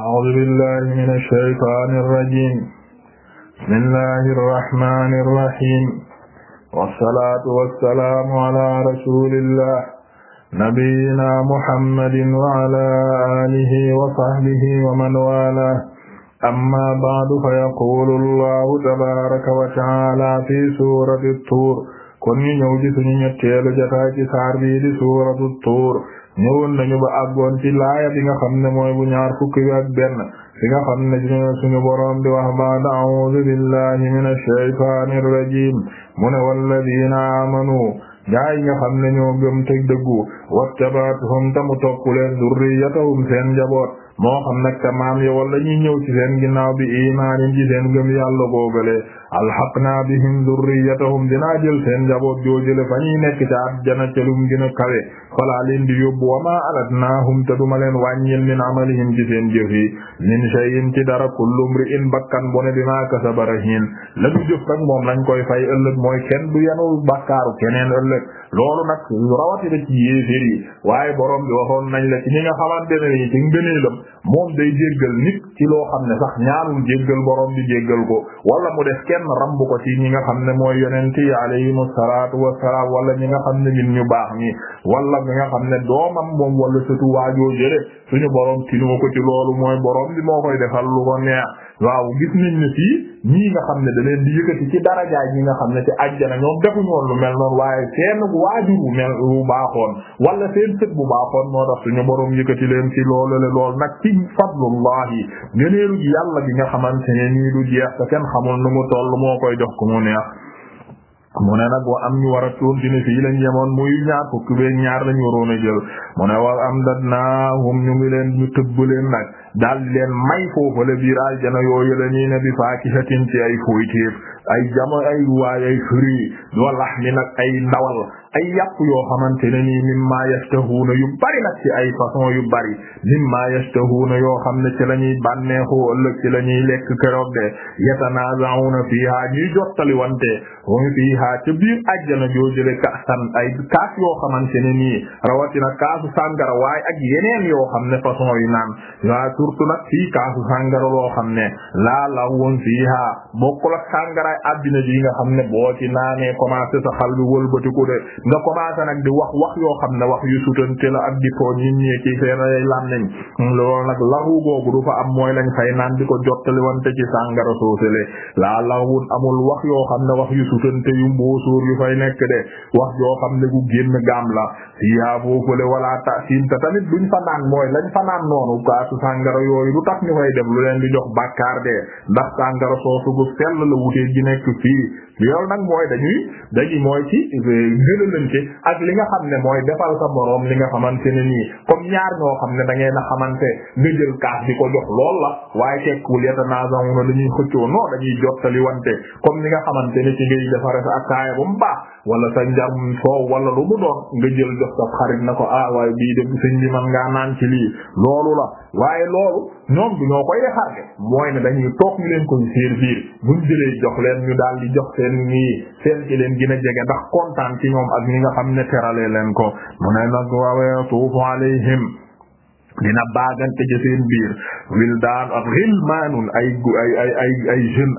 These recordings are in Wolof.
أعوذ بالله من الشيطان الرجيم بسم الله الرحمن الرحيم والصلاة والسلام على رسول الله نبينا محمد وعلى آله وصحبه ومن والاه أما بعد فيقول الله تبارك وتعالى في سورة الطور kon ñu ñëw ci suñu ñetteelu jotaay ci saar bi di suuratu Tuur ñëwoon nañu ba àggoon ci laaya bi nga xam ne mooy bu ñaar fukki bi ak benn bi nga xam ne dina suñu boroom di wax baada a'uudu billahi minash a rajiim mu ne walladiina aamanu gaa yi nga xam ne ñoo gëm te dëggu wattabaatuhum tamu topp leen durriyatahum seen njaboot moo xam nag tamaam ya wala ñuy ñëw ci seen ginnaaw bi imaanin ci seen gëm yàlla googale alhaqnaa bi dhurriyyatahum dinaa jël seen njaboot joojële fa ñuy nekk ca àjjana ca lu mu gën a kawe falaa leen di yóbbu wa maa alatnaahum te duma leen wàññil min amalihim ci seen jëf yi min shay'in ci dara kullu mri'in bakkan bu ne bimaa kasaba rahiin la ñu jëf moom lañ koy fay ëllëg mooy kenn du yanu bakkaaru keneen ëllëg loolu nag rawatina ci yéeféer waaye borom bi waxoon nañ la ci ñi nga xamante ne nii ci ngëneelam moom day jéggal nit ci loo xam ne sax ñaanul jéggal borom bi jéggal ko wala mu def kenn ramb ko ci ñi nga xam ne mooy yonent yi alayhimu salaatu wassalaam wala ñi nga xam ne ñun ñu baax ñi wala mi nga xam ne doomam moom wala surtout waajoo jële suñu borom tinu ko ci loolu mooy borom bi moo koy defal lu ko neex waaw gis nañ ne fii ñii nga xam ne da di yëkkati ci darajaay ñi nga xam ne ci àjjana ñoom defuñu woon lu mel noonu waaye seen waajur wu mel bu baaxoon wala seen sët bu baaxoon moo tax suñu borom yëkkati leen ci loolu le lool nag ci fadlullahi ngëneelu gi yàlla gi nga xamante ne nii du jeex te kenn xamul nu mu toll moo koy jox ko mu neex mu ne nag wa am ñu war a tuum ci ne fii lañ yemoon muy ñaar fukki beeg ñaar lañ waroon a jël mu ne wa am dat naa hum ñu ngi leen ñu tëbb leen nag daal di leen may foofu la biir aljana yooyu la ñuy ne bi faakihatin ci ay foytéef ay jamo ay waay ay fri wa lahmi nag ay ndawal ay yàpp yoo xamante ne nii mimma yashtahuuna yu bari nag ci ay façon yu bari mimma yashtahuuna yoo xam ne ci la ñuy bànneexu ëllëg ci la ñuy lekk keroog de yatanaazauna fiihaa ñuy jottali wante hum fiihaa ca biir àjjana joojële kaasan ay kaas yoo xamante ne nii rawatina kaasu sàngara waay ak yeneen yoo xam ne façon yu naan waa surtout nag fii kaasu sàngara loo xam ne laa lawun fiihaa bokkul ak sàngaraay àddina ji nga xam ne boo ci naanee commencé sa xal bi wëlbatiku de nga commencé nag di wax wax yoo xam ne wax yu sutante la ak di tooñ nit ñi ci seen ay lam nañ loolu nag laxu googu du fa am mooy lañ fay naan di ko jottali wante ci sàngara soosale laa laxwun amul wax yoo xam ne wax yu sutante yu mbóosóor yu fay nekk de wax yoo xam ne gu génn gaam la yaa foofale wala tasim te fa naan mooy lañ fa naan noonu kaasu sàngara yooyu du tax ñu fay def lu leen di jox bakkaar de ndax sàngara soosu gu sell la wutee gi nekk fii loolu nag mooy dañuy dañuy mooy ci eh, jëflante ak li nga xam ne mooy defal sa borom li nga xamante ne nii comme ñaar ñoo xam ne da ngeen a xamante nga jël kaas di ko jox lool la waaye tekkul yatanazawuna dañuy xëccoo noo dañuy jottali wante comme li nga xamante ne ci ngay defare sa attaaya bu mu baax wala sa njarum soow wala lu mu doon nga jël jox sa xarit na ko ah waaye bii de sëñ bi man ngaa naan ci lii loolu la waaye loolu ñoom du ñoo koy defar de mooy ne dañuy toog ñu leen koy servir buñ jëlee jox leen ñu daal di jox seen nii seen ci leen gën a jege ndax kontaan ci ñoom ak ñi nga xam ne terale leen ko mu ne nag wa yatuufu alayhim dina baagante ci seen biir wildaan ak xilmaanun ay ay ay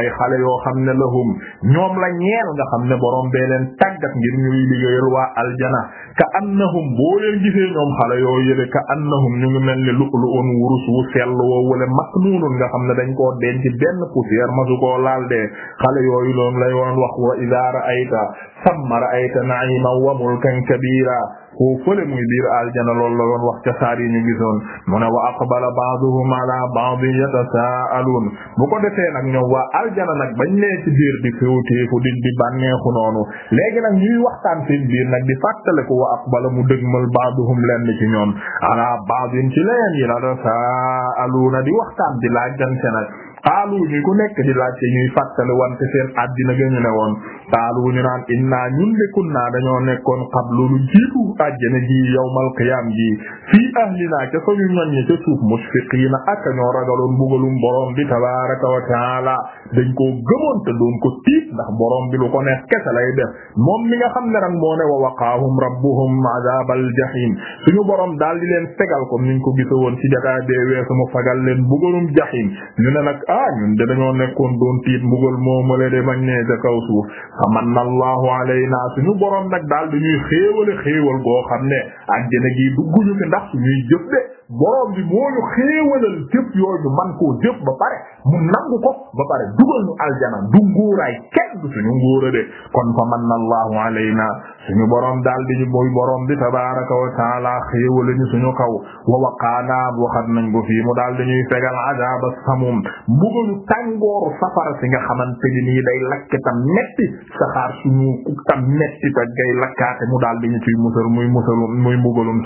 ay xale yoo xam ne lahum ñoom la ñeel nga xam ne borom bee leen tàggat ngir ñuy liggéeyal waa aljana ka annahum boo leen gisee ñoom xale yoo yële ka annahum ñu mel ni lu'lu'un wurus wu sell woo wala maknuunun nga xam ne dañ koo denc benn poussière masu koo laal dee xale yooyu loon lay woon wax wa idaa ra'ayta samma ra'ayta na'iman wa mulkan kabira foo fële muy biir aljana loolu la doon wax ca saar yi ñu gisoon mu ne wa aqbala ba'duhum ala ba'din yatasaaluun bu ko defee nag ñoom wa aljana nag bañ nee ci biir di féwtéeku di di bànneexu noonu léegi nag ñuy waxtaan seen biir nag di fàttaliku wa aqbala mu dëgmal ba'duhum lenn ci ñoom ala ba'din ci leen yi la tasaaluuna di waxtaan di laajante nag xaalu ñu ku nekk di laajte ñuy fàttali wante seen àddina ga ñu ne woon xaalu ñu naan innaa ñun dekun naa dañoo nekkoon xablu lu jiitu àjjana ji yawmal qiyaam ji fii ahlinaa ca soñu ñoñ ñi ca suuf musfiqiina ak ñoo ragaloon mbugalum borom bi tabaaraka wa taala dañ koo gëmoon te doon ko tiit ndax boroom bi lu ko neex kese lay def moom mi nga xam ne ran moo ne wa waqaahum rabbuhum azaabal jahiim suñu borom daal di leen fegal ko niñ ko gisa woon ci jotaay mu fagal leen mbugalum jahiim ah ñun de dañoo nekkoon doon tiit mbugal moomale de mañ nee ca kaw suuf amanna allahu alayna suñu borom nag daal dañuy xéewale xéewal goo xam ne àjjana gi dugguñu fi ndax suñuy jëf de borom bi moo ñu xéewalal jëf yooyu ñu man koo jëf ba pare mu nangu ko ba pare dugal ñu aljana du nguuraay kenn du suñu nguura de kon fa manna allahu alayna suñu borom daal di ñu mooy borom bi tabaraka wa taala xéewala ñu kaw wa waqaana waxat nañ ko mu daal di ñuy fegal adaba samum mbugalu tàngooru safara si nga xamante ni nii day lakk tam metti saxaar suñu tam metti ta lakkaate mu daal di ñu ciy musal muy musalum muy mbugalum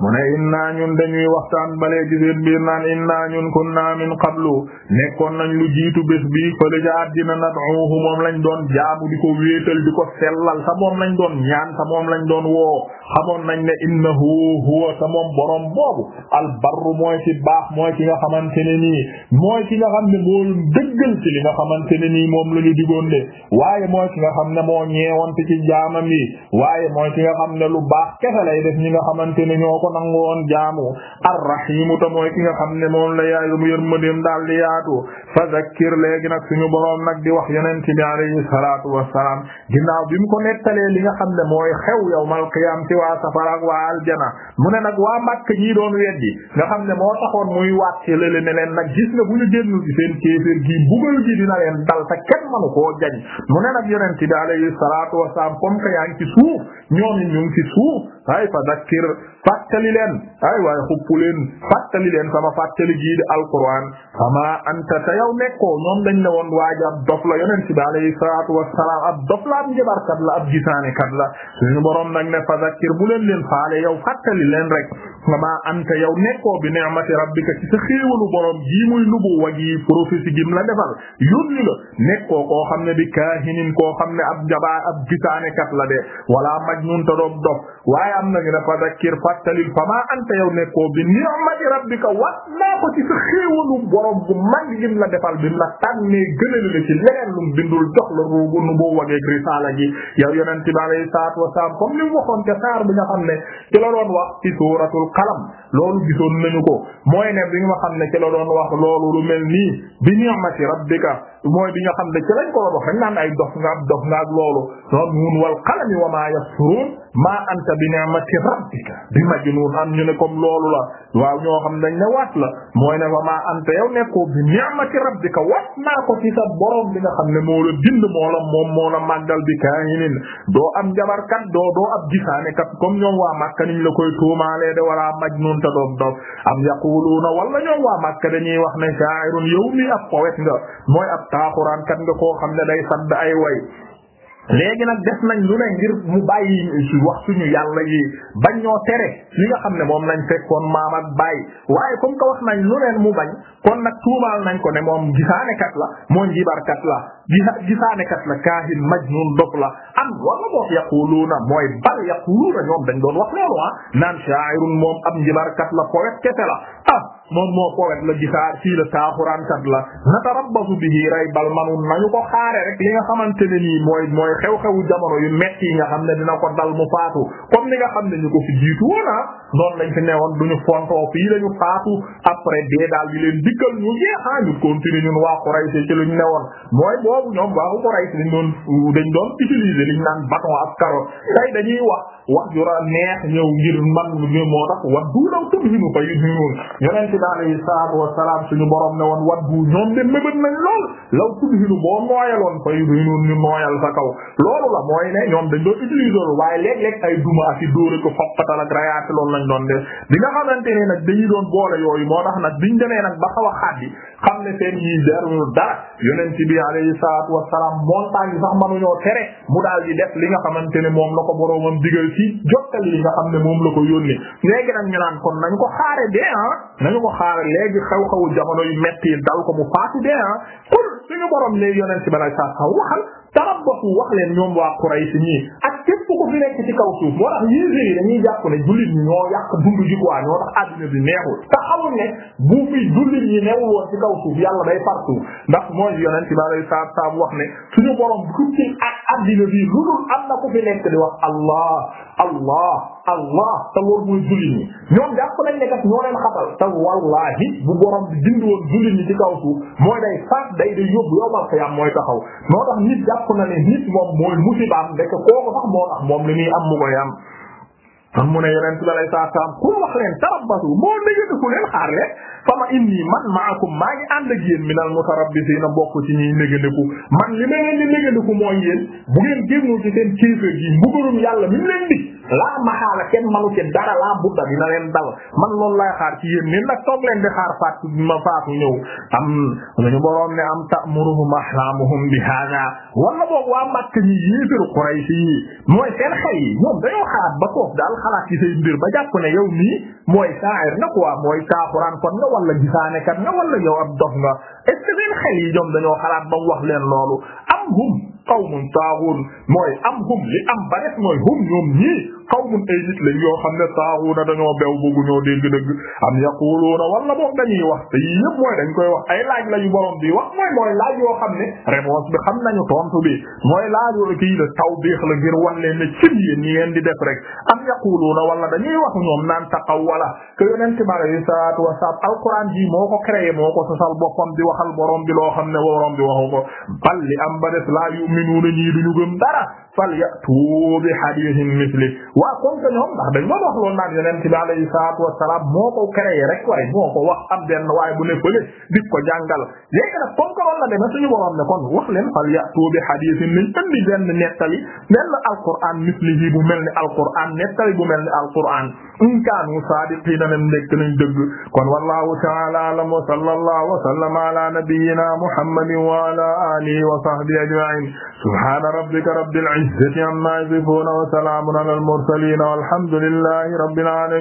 mu ne inna ñun dañuy waxtaan balee ci seen biir naan inna ñun kunna min qablu nekkoon nañ lu jiitu bés bi fële ca na nad'uhu moom lañ doon jaamu di ko wéetal di ko sellal sa moom lañ doon ñaan sa moom lañ doon woo xamoon nañ ne innahu huwa ta moom borom boobu albarru mooy ci baax mooy ci nga xamante ne nii mooy ci nga xam ne moo dëggal ci li nga xamante ne nii moom la ñu digoon de waaye mooy ci nga xam ne moo ñeewante ci jaamam yi waaye mooy ci nga xam ne lu baax kese lay def ñi nga xamante ne ñoo ko nangu woon jaamu arrahimu ta mooy ki nga xam ne moom la yaay mu yërmandeem daal di yaatu fa zakkir léegi nag suñu boroom nag di wax yonent bi alayhi salaatu wassalaam ginnaaw bi mu ko nettalee li nga xam ne mooy xew yawmal qiyaam waa safara ak waa aljana mu ne nag waa Makka ñii doon weddi nga xam ne moo taxoon muy waat ci lële leen nag gis nga bu ñu génn ci seen kéeféer gi mbugal gi dina leen dal te kenn manu koo jañ mu ne nag yonent bi alayhi salaatu wasalaam comme que yaa ngi suuf ñoom ñu ngi suuf ay fa dakkir fàttali leen ay waay xuppu leen fàttali leen sama fàttali gii di alquran sama anta te yow nekkoo ñoom dañ ne woon waaji ab dof la yonent bi alayhi salaatu wassalaam ab dof la ab njabarkat la ab gisaane kat la suñu borom nag ne fa dakkir bu leen leen faale yow fàttali leen rek wama anta yow nekkoo bi ni'mati rabbika ci sa xéewalu borom jii muy nubu wa ji prophétie gim la defal yónni la nekkoo koo xam ne bi kaahinin koo xam ne ab jabaa ab gisaanekat la de wala majnun ta doom dof waaye am nañu dafa dakkir fàttalil fama anta yow nekkoo bi ni'mati rabbika wat naa ko ci sa xéewalu borom bu mag gim la defal bim la tànnee gënal la ci leneen lum bindul jox la ruugu nubu wageeg risaala ji yow yonente bi alayhi salaatu wasalaam comme li mu waxoon ca saar bi nga xam ne ci la doon wax ci suuratul xalam loolu gisoon nañu ko mooy ne bi nga xam ne ci la doon wax loolu lu mel nii bi ni'mati rabbika mooy bi nga xam ne ci lañ ko doon wax dañ naan ay dof nga dof nga ak loolu noon nun wal qalami wa ma yasturun maa anta bi ni'mati rabbika bi majnun am ñu ne comme loolu la waaw ñoo xam dañ ne waat la mooy ne fa maa anta yow nekkoo bi ni'mati rabbika waat naa ko ci sa borom bi nga xam ne moo la bind moo la moom moo la màggal bi kaahinin doo am jabarkat doo doo ab gisaanekat comme ñoom waa Makka niñ la koy tuumaalee de walaa majnun ta dof dof am yaquluuna wala ñoom waa Makka dañuy wax ne sha'irun yow mi ab poète nga mooy ab taaxuraankat nga koo xam ne day sadd ay way léegi nag def nañ lu ne ngir mu bàyyi ci wax suñu yàlla yi bañ ñoo tere li nga xam ne moom lañ fekkoon maam ak bàyyi waaye comme que wax nañ lu leen mu bañ kon nag tuumaal nañ ko ne moom gisaanekat la moo njibarkat la gisa gisaanekat la kaahin majnun dog la am wala boog yaquluuna mooy bal yaquluuna ñoom dañ doon wax loolu ah naan sha'irun moom ab njibarkat la poète kese la ah moom moo poète la gisaar fii la taaxuraankat la natarabbasu bihi raybal manun nañu ko xaare rek li nga xamante ne nii mooy mooy xew-xewu jamono yu metti yi nga xam ne dina ko dal mu faatu comme ni nga xam ne ñu ko fi jiitu woona ah, noonu lañ fi newoon duñu fontoo fii lañu faatu après dee daal di leen diggal ñu yeexaa ah, ñu continuer ñun waa Quraysh ci luñ newoon mooy boobu ñoom waa Quraysh dañ doon dañ doon utiliser liñ naan bâton ak carotte tay dañuy wax wax jura neex ñëw ngir man moo tax bi alayhi salaatu wassalaam suñu boroom ne woon waddu ñoom de mébét nañ lool law tudhinu boo nooyaloon fay noon ñu nooyal sa kaw loolu la mooy ne ñoom dañ doon utiliser waaye léeg-léeg ay duma ak i dóore ko fokkatal ak rayaati loolu lañ doon de bi nga xamante ne nag dañuy doon boole yooyu moo tax nag biñ demee nag ba xaw a xaat xam ne seen yi darul dara yonent bi alayhi salaatu wassalaam montagne sax mënuñoo tere mu daal di def li nga xamante ne moom la ko boroomam digal ci jottali yi nga xam ne moom la ko yónnee léegi nag ko xaare ah, ko xaaral léegi xew-xewu jamono yu metti dal ko mu faatu dee ah kon suñu borom ne yonent bi sallallahu alayhi wasallam waxal tarabbasu wax leen ñoom waa Quraysh ñii ak képp fi nekk ci kaw moo tax yéeféer yi dañuy jàpp ne jullit ñoo yàq dund ji quoi ñoo tax adduna bi neexul te xamul ne bu fi jullit ñi yàlla day far suuf ndax mooy yonent bi alayhi salaatu wax ne suñu borom tuuti ak adduna bi lu dul am na ku fi nekk di wax allah allah allah te loolu mooy jullit ñi ñoom jàpp nañ ne kat ñoo leen xatal te wallahi bu borom bi dindi woon jullit ñi ci kaw suuf mooy day faat day day yóbbu yowmal xiyaam mooy taxaw moo jàpp na ne nit moom mooy musibaam ndekk kooku sax moo tax moom li muy am mu koy am kon mu ne yeneen ci balay saa saam ku wax leen tarabbasu moo dëgg ku leen xaar leen fa ma indi man maakum maa ngi ànd ak yéen minal mutarabbisiina bokk ci ñuy négandiku man li may leen di mooy yéen bu ngeen génnul ci seen kéefër gi mbugalum yàlla mi leen di laa maxaala kenn manu ci dara laa budda dina leen dal man loolu lay xaar ci yéen nag toog leen di xaar faat ma faatu ñëw am suñu boroom ne am ta'muruhum ahlaamuhum bi hada wala boog waa xalaat yi say mbir ba jàpp ne yow mii mooy saa'ir na quoi mooy kaaxuraan kon nga wala gisaanekat nga wala yow ab nga est ce xel yi ñoom dañoo xalaat ba wax leen loolu am hum qawmun taaxuun mooy am hum li am ba mooy hum ñoom ñii qawmun ay nit lañ yoo xam ne saaxuuna dañoo bew bëgguñoo dégg dëgg am yaquluuna wala boog dañuy wax te yii yëpp mooy dañ koy wax ay laaj lañu borom di wax mooy mooy laaj yoo ne réponse bi xam nañu tontu bi mooy laajoo kii la tawbiix la ngir wan ne cin ñi ngeen di def rek am yaquluuna wala dañuy wax ñoom naan taqawwala que yonent bi alayhi salaatu wasalaam alquran ji moo ko créé moo ko sosal boppam di waxal borom bi loo xam ne borom bi waxu ko bal li am ba des laa yu'minuuna ñii duñu gëm dara fal ya'tu waaw comme que ñoom ndax dañ mën wax loolu naan yonent bi alayhi salaatu wassalaam moo ko créé rek waaye moo ko wax am benn waaye bu ne bële di ko jàngal léegi nag comme que loolu la demee suñu borom ne kon wax leen fal ya'tu bi hadiisin nañ indi benn nettali benn alquran mislihi bu mel ni alquran nettali bu mel ni alquran in kaanu saadiqiina nem nekk nañ dëgg kon wallahu ta'ala a'lam wa sallallahu wa sallama ala nabiyyina muhammadin wa ala alihi wa sahbihi ajma'in subhana rabbika rabbil izzati amma yasifun wa salamun ala al mursalin mursaliin walhamdu lillaahi rabbil aalamiin